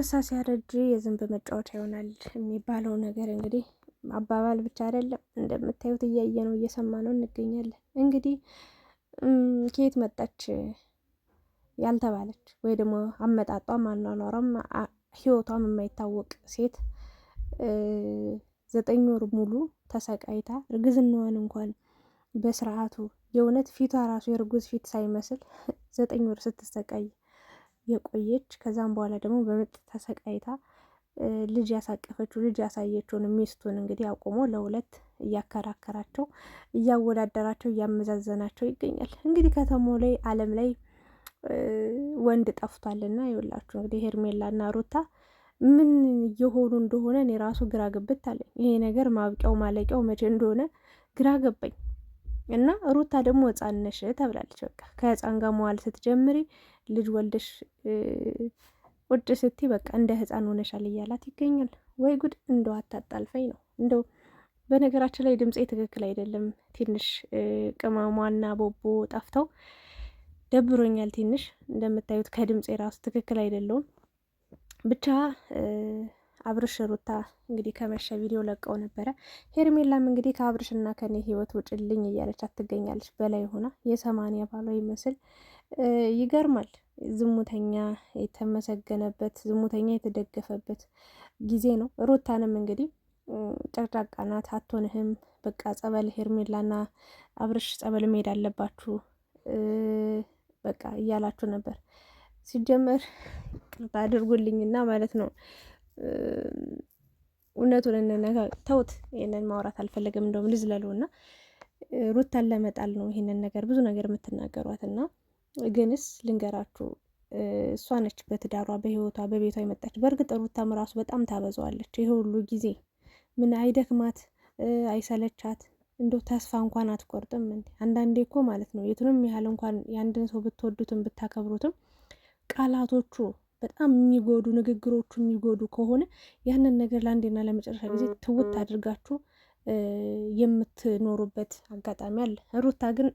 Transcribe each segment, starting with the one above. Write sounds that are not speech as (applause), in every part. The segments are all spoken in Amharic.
አንበሳ ሲያረጅ የዝንብ መጫወቻ ይሆናል የሚባለው ነገር እንግዲህ አባባል ብቻ አይደለም፣ እንደምታዩት እያየ ነው እየሰማ ነው እንገኛለን። እንግዲህ ከየት መጣች ያልተባለች ወይ ደግሞ አመጣጧም አኗኗሯም ህይወቷም የማይታወቅ ሴት ዘጠኝ ወር ሙሉ ተሰቃይታ እርግዝናዋን እንኳን በስርዓቱ የእውነት ፊቷ ራሱ የእርጉዝ ፊት ሳይመስል ዘጠኝ ወር ስትሰቃይ የቆየች ከዛም በኋላ ደግሞ በምጥ ተሰቃይታ ልጅ ያሳቀፈችው ልጅ ያሳየችውን ሚስቱን እንግዲህ አቁሞ ለሁለት እያከራከራቸው እያወዳደራቸው እያመዛዘናቸው ይገኛል። እንግዲህ ከተማው ላይ አለም ላይ ወንድ ጠፍቷልና ይውላችሁ እንግዲህ ሄርሜላና ሩታ ምን እየሆኑ እንደሆነ እኔ ራሱ ግራ ግብት አለኝ። ይሄ ነገር ማብቂያው ማለቂያው መቼ እንደሆነ ግራ ገባኝ። እና ሩታ ደግሞ ሕፃን ነሽ ተብላለች። በቃ ከሕፃን ጋር መዋል ስትጀምሪ ልጅ ወልደሽ ቁጭ ስቲ በቃ እንደ ሕፃን ሆነሻል እያላት ይገኛል። ወይ ጉድ! እንደው አታጣልፈኝ ነው እንደው በነገራችን ላይ ድምፄ ትክክል አይደለም። ትንሽ ቅመሟና ቦቦ ጠፍተው ደብሮኛል ትንሽ። እንደምታዩት ከድምፄ ራሱ ትክክል አይደለውም ብቻ አብርሽ ሩታ እንግዲህ ከመሸ ቪዲዮ ለቀው ነበረ። ሄርሜላም እንግዲህ ከአብርሽና ከኔ ህይወት ውጭልኝ እያለች አትገኛለች። በላይ ሆና የሰማንያ ባሏ ይመስል ይገርማል። ዝሙተኛ የተመሰገነበት ዝሙተኛ የተደገፈበት ጊዜ ነው። ሩታንም እንግዲህ ጨቅጫቃ ናት፣ አትሆንህም፣ በቃ ጸበል ሄርሜላና አብርሽ ጸበል መሄድ አለባችሁ በቃ እያላችሁ ነበር። ሲጀመር ቅርታ አድርጉልኝና ማለት ነው እውነቱን እንነጋ ተውት። ይህንን ማውራት አልፈለግም። እንደውም ልዝለሉ እና ሩታን ለመጣል ነው ይህንን ነገር ብዙ ነገር የምትናገሯት እና ግንስ ልንገራችሁ እሷ ነች በትዳሯ በህይወቷ በቤቷ የመጣች። በእርግጥ ሩታም ራሱ በጣም ታበዛዋለች። ይሄ ሁሉ ጊዜ ምን አይደክማት አይሰለቻት? እንዶ ተስፋ እንኳን አትቆርጥም። አንዳንዴ እኮ ማለት ነው የቱንም ያህል እንኳን የአንድን ሰው ብትወዱትም ብታከብሩትም ቃላቶቹ በጣም የሚጎዱ ንግግሮቹ የሚጎዱ ከሆነ ያንን ነገር ለአንዴና ለመጨረሻ ጊዜ ትውት አድርጋችሁ የምትኖሩበት አጋጣሚ አለ። ሩታ ግን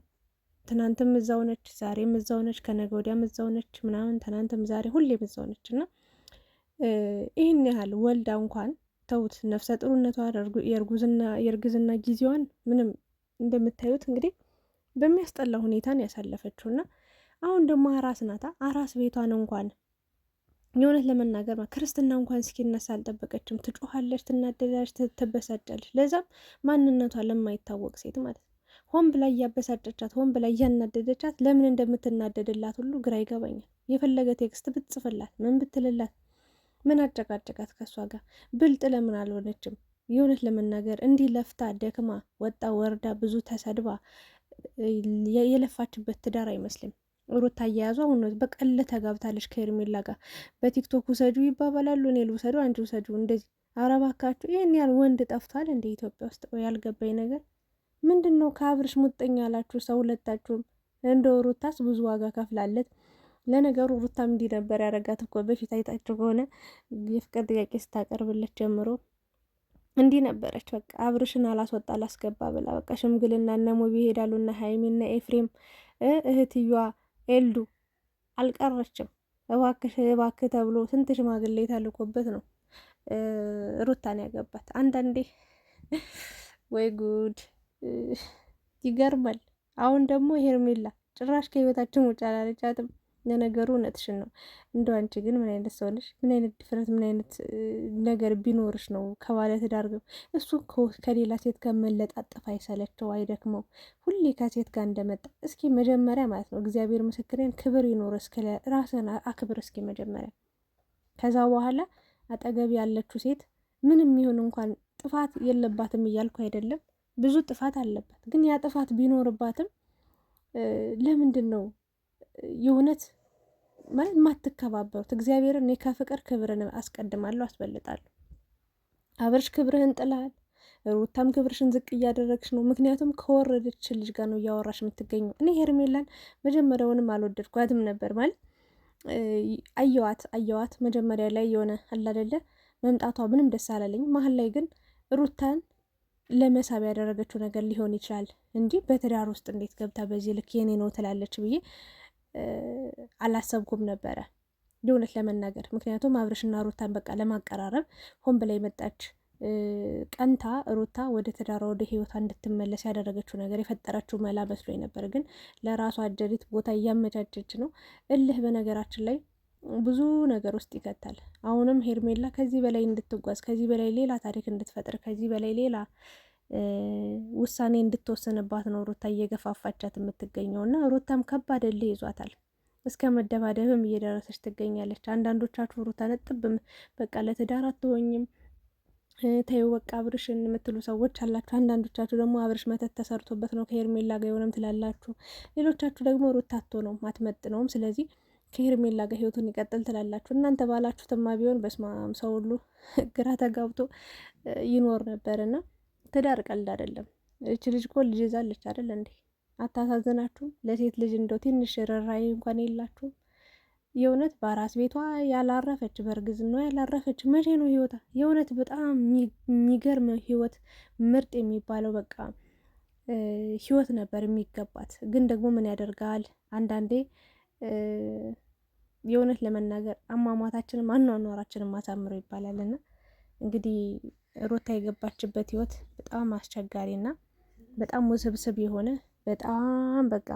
ትናንትም እዛው ነች፣ ዛሬም እዛው ነች፣ ከነገ ወዲያም እዛው ነች ምናምን ትናንትም ዛሬ ሁሌም እዛው ነች እና ይህን ያህል ወልዳ እንኳን ተውት ነፍሰ ጥሩነቷ የእርግዝና ጊዜዋን ምንም እንደምታዩት እንግዲህ በሚያስጠላ ሁኔታን ያሳለፈችው እና አሁን ደግሞ አራስ ናታ። አራስ ቤቷን እንኳን እውነት ለመናገር ክርስትና እንኳን እስኪነሳ አልጠበቀችም። ትጮኋለች፣ ትናደዳለች፣ ትበሳጫለች። ለዛም ማንነቷ ለማይታወቅ ሴት ማለት ነው። ሆን ብላ እያበሳጨቻት፣ ሆን ብላ እያናደደቻት፣ ለምን እንደምትናደድላት ሁሉ ግራ ይገባኛል። የፈለገ ቴክስት ብትጽፍላት፣ ምን ብትልላት፣ ምን አጨቃጨቃት ከእሷ ጋር? ብልጥ ለምን አልሆነችም? የእውነት ለመናገር እንዲህ ለፍታ ደክማ ወጣ ወርዳ ብዙ ተሰድባ የለፋችበት ትዳር አይመስልም። ሩታ አያያዙ አሁን ነው በቀለ ተጋብታለች ከሄርሜላ ጋር። በቲክቶክ ውሰዱ ይባባላሉ። እኔ ልውሰዱ፣ አንቺ ውሰዱ፣ እንደዚህ አረባካችሁ። ይህን ያህል ወንድ ጠፍቷል እንደ ኢትዮጵያ ውስጥ ያልገባኝ ነገር ምንድን ነው? ከአብርሽ ሙጠኛ ያላችሁ ሰው ሁለታችሁም። እንደ ሩታስ ብዙ ዋጋ ከፍላለት። ለነገሩ ሩታም እንዲህ ነበር ያደረጋት እኮ በፊት አይታችሁ ከሆነ የፍቅር ጥያቄ ስታቀርብለት ጀምሮ እንዲህ ነበረች። በቃ አብርሽን አላስወጣ አላስገባ ብላ በቃ ሽምግልና እነ ሞቢ ይሄዳሉና ሀይሚና ኤፍሬም እህትዮዋ ኤልዱ አልቀረችም። እባክሽ እባክህ ተብሎ ስንት ሽማግሌ ተልኮበት ነው ሩታን ያገባት። አንዳንዴ ወይ ጉድ ይገርማል። አሁን ደግሞ ሄርሜላ ጭራሽ ከህይወታችን ውጭ አላለቻትም። ለነገሩ እውነትሽን ነው። እንደ አንቺ ግን ምን አይነት ሰው ነሽ? ምን አይነት ድፍረት፣ ምን አይነት ነገር ቢኖርሽ ነው ከባለ ትዳር እሱ ከሌላ ሴት ጋር መለጣጠፍ አይሰለቸው አይደክመው? ሁሌ ከሴት ጋር እንደመጣ እስኪ መጀመሪያ ማለት ነው እግዚአብሔር ምስክሬን ክብር ይኖር እስክለ ራስን አክብር እስኪ መጀመሪያ። ከዛ በኋላ አጠገብ ያለችው ሴት ምንም ይሁን እንኳን ጥፋት የለባትም እያልኩ አይደለም። ብዙ ጥፋት አለባት። ግን ያ ጥፋት ቢኖርባትም ለምንድን ነው የእውነት ማለት የማትከባበሩት እግዚአብሔርን እኔ ከፍቅር ክብርን አስቀድማለሁ አስበልጣለሁ። አብርሽ ክብርህን ጥላል፣ ሩታም ክብርሽን ዝቅ እያደረግሽ ነው። ምክንያቱም ከወረደች ልጅ ጋር ነው እያወራሽ የምትገኘው። እኔ ሄርሜላን መጀመሪያውንም አልወደድኳትም ነበር ማለት አየዋት አየዋት መጀመሪያ ላይ የሆነ አላደለ መምጣቷ ምንም ደስ አላለኝ። መሀል ላይ ግን ሩታን ለመሳብ ያደረገችው ነገር ሊሆን ይችላል እንጂ በትዳር ውስጥ እንዴት ገብታ በዚህ ልክ የኔ ነው ትላለች ብዬ አላሰብኩም ነበረ የእውነት ለመናገር ምክንያቱም አብርሽና ሩታን በቃ ለማቀራረብ ሆን ብላ የመጣች ቀንታ ሩታ ወደ ትዳሯ ወደ ህይወቷ እንድትመለስ ያደረገችው ነገር የፈጠረችው መላ መስሎ ነበር። ግን ለራሷ አጀሪት ቦታ እያመቻቸች ነው። እልህ በነገራችን ላይ ብዙ ነገር ውስጥ ይከታል። አሁንም ሄርሜላ ከዚህ በላይ እንድትጓዝ፣ ከዚህ በላይ ሌላ ታሪክ እንድትፈጥር፣ ከዚህ በላይ ሌላ ውሳኔ እንድትወስንባት ነው ሩታ እየገፋፋቻት የምትገኘው እና ሩታም ከባድ እልህ ይዟታል። እስከ መደባደብም እየደረሰች ትገኛለች። አንዳንዶቻችሁ ሩታ ነጥብም በቃ ለትዳር አትሆኝም ተይው በቃ አብርሽን የምትሉ ሰዎች አላችሁ። አንዳንዶቻችሁ ደግሞ አብርሽ መተት ተሰርቶበት ነው ከሄርሜላ ጋር የሆነም ትላላችሁ። ሌሎቻችሁ ደግሞ ሩታ አትመጥ ነውም ስለዚህ ከሄርሜላ ጋር ህይወቱን ይቀጥል ትላላችሁ። እናንተ ባላችሁትማ ቢሆን በስማም ሰው ሁሉ ግራ ተጋብቶ ይኖር ነበርና ትዳር ቀልድ አይደለም። እች ልጅ እኮ ልጅ ይዛለች አይደል እንዴ? አታሳዝናችሁም? ለሴት ልጅ እንደው ትንሽ ርህራሄ እንኳን የላችሁም? የእውነት በአራስ ቤቷ ያላረፈች በእርግዝናዋ ያላረፈች መቼ ነው ህይወታ? የእውነት በጣም የሚገርም ህይወት፣ ምርጥ የሚባለው በቃ ህይወት ነበር የሚገባት። ግን ደግሞ ምን ያደርጋል አንዳንዴ የእውነት ለመናገር አሟሟታችንም አኗኗራችንም ይባላል ይባላልና እንግዲህ ሩታ የገባችበት ህይወት በጣም አስቸጋሪና በጣም ውስብስብ የሆነ በጣም በቃ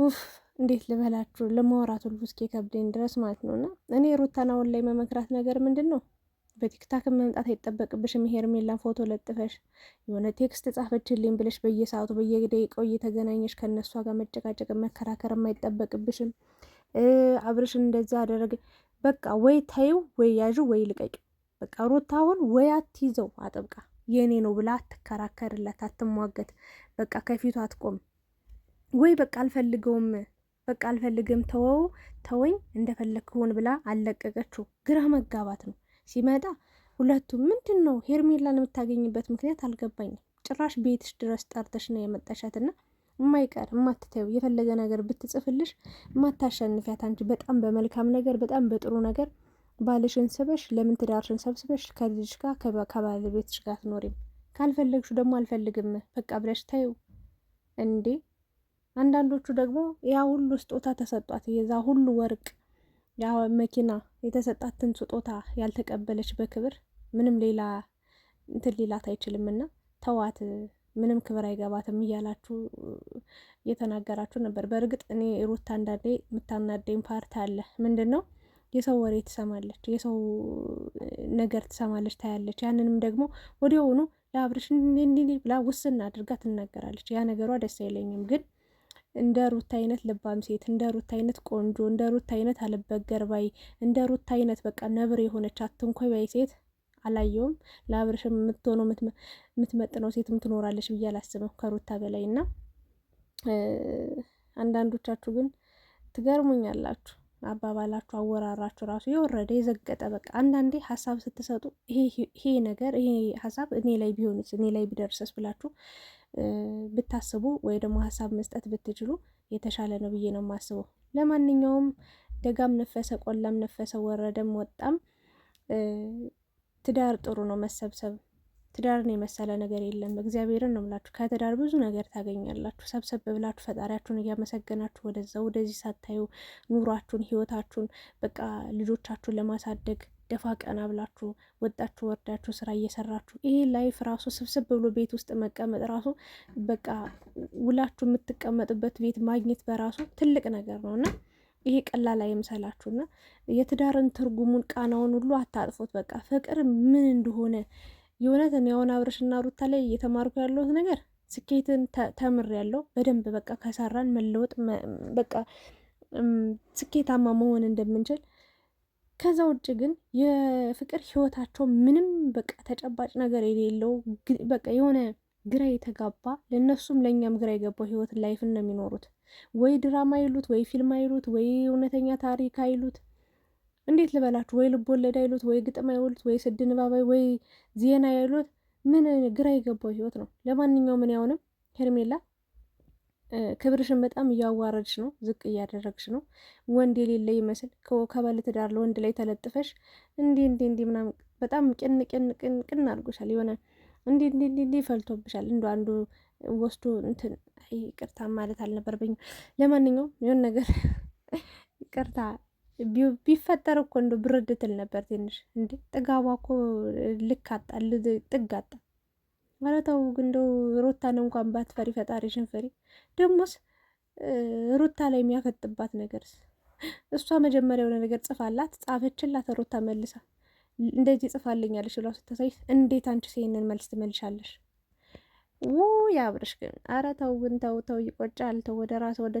ውፍ እንዴት ልበላችሁ ለማውራት ሁሉ እስኪ ከብደኝ ድረስ ማለት ነው። እና እኔ ሩታን አሁን ላይ መመክራት ነገር ምንድን ነው በቲክታክ መምጣት አይጠበቅብሽም። ሄርሜላን ፎቶ ለጥፈሽ የሆነ ቴክስት ጻፈችልኝ ብለሽ በየሰዓቱ በየደቂቃው እየተገናኘሽ ከእነሷ ጋር መጨቃጨቅ መከራከርም አይጠበቅብሽም። አብርሽን እንደዛ አደረገ በቃ ወይ ታዩ ወይ ያዥ ወይ ልቀቂ። በቃ ሩታ አሁን ወይ አትይዘው አጥብቃ የእኔ ነው ብላ አትከራከርለት፣ አትሟገት። በቃ ከፊቱ አትቆም ወይ በቃ አልፈልገውም፣ በቃ አልፈልግም፣ ተወው፣ ተወኝ፣ እንደፈለግክሁን ብላ አለቀቀችው። ግራ መጋባት ነው ሲመጣ ሁለቱም ምንድን ነው ሄርሜላን የምታገኝበት ምክንያት አልገባኝም። ጭራሽ ቤትሽ ድረስ ጠርተሽ ነው የመጣሻትና የማይቀር የማትተዩ የፈለገ ነገር ብትጽፍልሽ የማታሸንፊያት አንቺ በጣም በመልካም ነገር በጣም በጥሩ ነገር ባልሽን ስበሽ ለምን ትዳርሽን ሰብስበሽ ከልጅሽ ጋር ከባለቤትሽ ጋር ትኖሪም? ካልፈለግሹ ደግሞ አልፈልግም በቃ ብለሽ ታዩ እንዴ። አንዳንዶቹ ደግሞ ያ ሁሉ ስጦታ ተሰጧት፣ የዛ ሁሉ ወርቅ፣ ያ መኪና የተሰጣትን ስጦታ ያልተቀበለች በክብር ምንም ሌላ እንትን ሌላት አይችልምና ተዋት፣ ምንም ክብር አይገባትም እያላችሁ እየተናገራችሁ ነበር። በእርግጥ እኔ ሩት አንዳንዴ የምታናደኝ ፓርት አለ ምንድን ነው የሰው ወሬ ትሰማለች፣ የሰው ነገር ትሰማለች፣ ታያለች። ያንንም ደግሞ ወዲያውኑ ለአብርሽ እንዲህ ብላ ውስን አድርጋ ትናገራለች። ያ ነገሯ ደስ አይለኝም። ግን እንደ ሩት አይነት ልባም ሴት፣ እንደ ሩት አይነት ቆንጆ፣ እንደ ሩት አይነት አለበገር ባይ፣ እንደ ሩት አይነት በቃ ነብር የሆነች አትንኮይ ባይ ሴት አላየውም። ለአብርሽም የምትሆነው የምትመጥነው ሴትም ትኖራለች ብዬ አላስብም ከሩታ በላይ እና አንዳንዶቻችሁ ግን ትገርሙኛላችሁ። አባባላችሁ አወራራችሁ ራሱ የወረደ የዘገጠ በቃ አንዳንዴ ሀሳብ ስትሰጡ ይሄ ነገር ይሄ ሀሳብ እኔ ላይ ቢሆንስ እኔ ላይ ቢደርሰስ ብላችሁ ብታስቡ ወይ ደግሞ ሀሳብ መስጠት ብትችሉ የተሻለ ነው ብዬ ነው የማስበው። ለማንኛውም ደጋም ነፈሰ፣ ቆላም ነፈሰ፣ ወረደም ወጣም ትዳር ጥሩ ነው መሰብሰብ ትዳርን የመሰለ ነገር የለም። እግዚአብሔርን ነው ምላችሁ። ከትዳር ብዙ ነገር ታገኛላችሁ። ሰብሰብ ብላችሁ ፈጣሪያችሁን እያመሰገናችሁ ወደዛ ወደዚህ ሳታዩ ኑሯችሁን፣ ህይወታችሁን በቃ ልጆቻችሁን ለማሳደግ ደፋ ቀና ብላችሁ ወጣችሁ ወርዳችሁ ስራ እየሰራችሁ ይሄ ላይፍ ራሱ ስብስብ ብሎ ቤት ውስጥ መቀመጥ ራሱ በቃ ውላችሁ የምትቀመጡበት ቤት ማግኘት በራሱ ትልቅ ነገር ነው እና ይሄ ቀላል አይምሰላችሁና የትዳርን ትርጉሙን ቃናውን ሁሉ አታጥፎት። በቃ ፍቅር ምን እንደሆነ የእውነት እኔ አሁን አብርሽና ሩታ ላይ እየተማርኩ ያለሁት ነገር ስኬትን ተምር ያለው በደንብ በቃ ከሰራን መለወጥ በቃ ስኬታማ መሆን እንደምንችል ከዛ ውጭ ግን የፍቅር ህይወታቸው ምንም በቃ ተጨባጭ ነገር የሌለው በቃ የሆነ ግራ የተጋባ ለእነሱም ለእኛም ግራ የገባው ህይወት ላይፍን ነው የሚኖሩት። ወይ ድራማ ይሉት ወይ ፊልም አይሉት ወይ እውነተኛ ታሪክ አይሉት እንዴት ልበላችሁ? ወይ ልብ ወለድ አይሉት፣ ወይ ግጥም አይሉት፣ ወይ ስድ ንባባይ፣ ወይ ዜና አይሉት። ምን ግራ የገባው ህይወት ነው። ለማንኛውም ምን ያውንም ሄርሜላ ክብርሽን በጣም እያዋረድሽ ነው፣ ዝቅ እያደረግሽ ነው። ወንድ የሌለ ይመስል ከባለትዳር ለወንድ ላይ ተለጥፈሽ እንዲ እንዲ እንዲ ምናምን በጣም ቅን ቅን ቅን ቅን አድርጎሻል። የሆነ እንዲ እንዲ እንዲ እንዲ ፈልቶብሻል። እንዶ አንዱ ወስዶ እንትን ይቅርታ ማለት አልነበረብኝም። ለማንኛውም የሆነ ነገር (laughs) ይቅርታ ቢፈጠር እኮ እንደ ብርድ ትል ነበር ትንሽ እንዴ ጥጋቧ እኮ ልክ አጣ ጥግ አጣ። ኧረ ተው እንደው ሩታን እንኳን ባትፈሪ ፈጣሪ ሽንፈሪ። ደግሞስ ሩታ ላይ የሚያፈጥባት ነገርስ እሷ መጀመሪያ የሆነ ነገር ጽፋላት ጻፈችላት፣ ሩታ መልሳ እንደዚህ ጽፋልኛለች ብላ ስታሳይ እንዴት አንቺስ ይሄንን መልስ ትመልሻለሽ? ውይ አብርሽ ግን ኧረ ተው ግን ተው ተው፣ ይቆጫል። ተው ወደ ራስ ወደ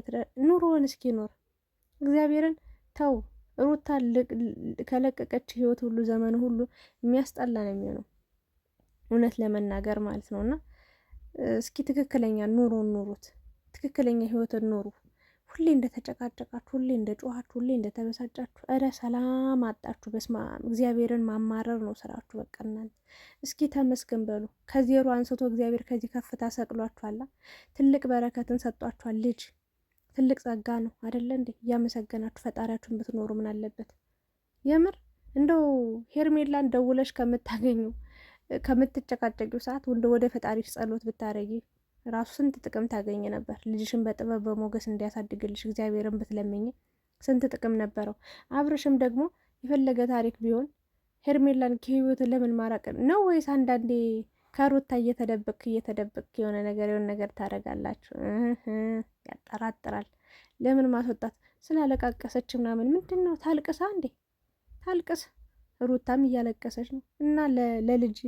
ኑሮውን እስኪኖር እግዚአብሔርን ተው ሩታ ከለቀቀች ህይወት ሁሉ ዘመን ሁሉ የሚያስጠላ ነው የሚሆነው፣ እውነት ለመናገር ማለት ነው። እና እስኪ ትክክለኛ ኑሮን ኑሩት፣ ትክክለኛ ህይወትን ኑሩ። ሁሌ እንደተጨቃጨቃችሁ፣ ሁሌ እንደጮኋችሁ፣ ሁሌ እንደተበሳጫችሁ፣ እረ ሰላም አጣችሁ። በስመ አብ እግዚአብሔርን ማማረር ነው ስራችሁ። በቃ እናንተ እስኪ ተመስገን በሉ። ከዜሮ አንስቶ እግዚአብሔር ከዚህ ከፍታ ሰቅሏችኋላ፣ ትልቅ በረከትን ሰጧችኋል ልጅ ትልቅ ጸጋ ነው አደለ እንዴ? እያመሰገናችሁ ፈጣሪያችሁን ብትኖሩ ምን አለበት? የምር እንደው ሄርሜላን ደውለሽ ከምታገኙ ከምትጨቃጨቂው ሰዓት ወንደ ወደ ፈጣሪሽ ጸሎት ብታረጊ ራሱ ስንት ጥቅም ታገኝ ነበር። ልጅሽን በጥበብ በሞገስ እንዲያሳድግልሽ እግዚአብሔርን ብትለምኝ ስንት ጥቅም ነበረው። አብርሽም ደግሞ የፈለገ ታሪክ ቢሆን ሄርሜላን ከህይወት ለምን ማራቅ ነው? ወይስ አንዳንዴ ከሩታ እየተደበቅክ እየተደበቅክ የሆነ ነገር የሆነ ነገር ታደርጋላችሁ። ያጠራጥራል። ለምን ማስወጣት ስላለቃቀሰች ምናምን ምንድን ነው? ታልቅሳ እንዴ ታልቅስ። ሩታም እያለቀሰች ነው። እና ለልጅ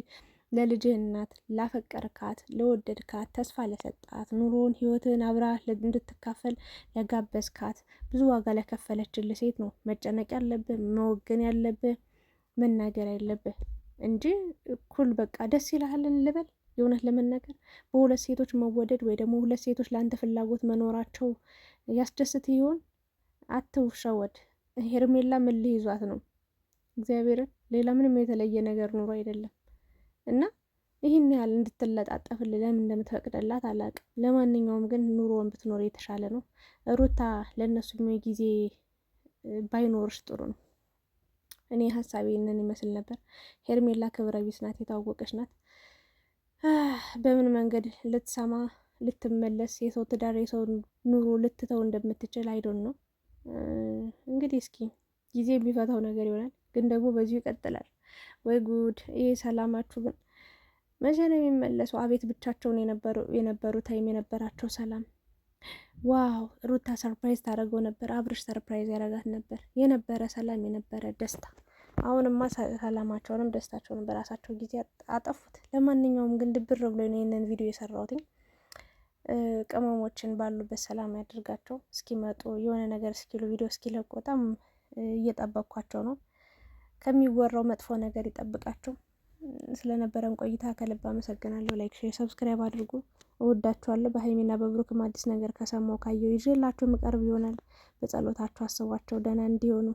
ለልጅህ እናት ላፈቀርካት፣ ለወደድካት፣ ተስፋ ለሰጣት፣ ኑሮን ህይወትን አብራ እንድትካፈል ለጋበዝካት፣ ብዙ ዋጋ ለከፈለችልህ ሴት ነው መጨነቅ ያለብህ፣ መወገን ያለብህ፣ መናገር ያለብህ። እንጂ እኩል በቃ ደስ ይልሃልን ልበል። የእውነት ለመናገር በሁለት ሴቶች መወደድ ወይ ደግሞ ሁለት ሴቶች ለአንተ ፍላጎት መኖራቸው ያስደስት ይሆን? አትውሸወድ። ሄርሜላ ምን ልይዟት ነው? እግዚአብሔርን ሌላ ምንም የተለየ ነገር ኑሮ አይደለም እና ይህን ያህል እንድትለጣጠፍል ለምን እንደምትፈቅደላት አላውቅም። ለማንኛውም ግን ኑሮን ብትኖር የተሻለ ነው። ሩታ ለእነሱ ጊዜ ባይኖርሽ ጥሩ ነው። እኔ ሀሳቤ ይህንን ይመስል ነበር። ሄርሜላ ክብረ ቢስ ናት፣ የታወቀች ናት። በምን መንገድ ልትሰማ ልትመለስ የሰው ትዳር የሰው ኑሮ ልትተው እንደምትችል አይዶን ነው እንግዲህ። እስኪ ጊዜ የሚፈታው ነገር ይሆናል። ግን ደግሞ በዚሁ ይቀጥላል ወይ ጉድ! ይህ ሰላማችሁ ግን መቼ ነው የሚመለሰው? አቤት ብቻቸውን የነበሩ ታይም የነበራቸው ሰላም። ዋው! ሩታ ሰርፕራይዝ ታደርገው ነበር፣ አብርሽ ሰርፕራይዝ ያደርጋት ነበር። የነበረ ሰላም፣ የነበረ ደስታ አሁንማ ሰላማቸውንም ደስታቸውንም በራሳቸው ጊዜ አጠፉት። ለማንኛውም ግን ድብር ብሎ ነው ይህንን ቪዲዮ የሰራሁትኝ። ቅመሞችን ባሉበት ሰላም ያደርጋቸው። እስኪመጡ የሆነ ነገር እስኪሉ ቪዲዮ እስኪለቁ በጣም እየጠበቅኳቸው ነው። ከሚወራው መጥፎ ነገር ይጠብቃቸው። ስለነበረን ቆይታ ከልብ አመሰግናለሁ። ላይክ፣ ሼር፣ ሰብስክራይብ አድርጉ። እወዳችኋለሁ። በሀይሚና በብሩክም አዲስ ነገር ከሰማው ካየው ይዤላችሁ ምቀርብ ይሆናል። በጸሎታችሁ አስቧቸው፣ ደህና እንዲሆኑ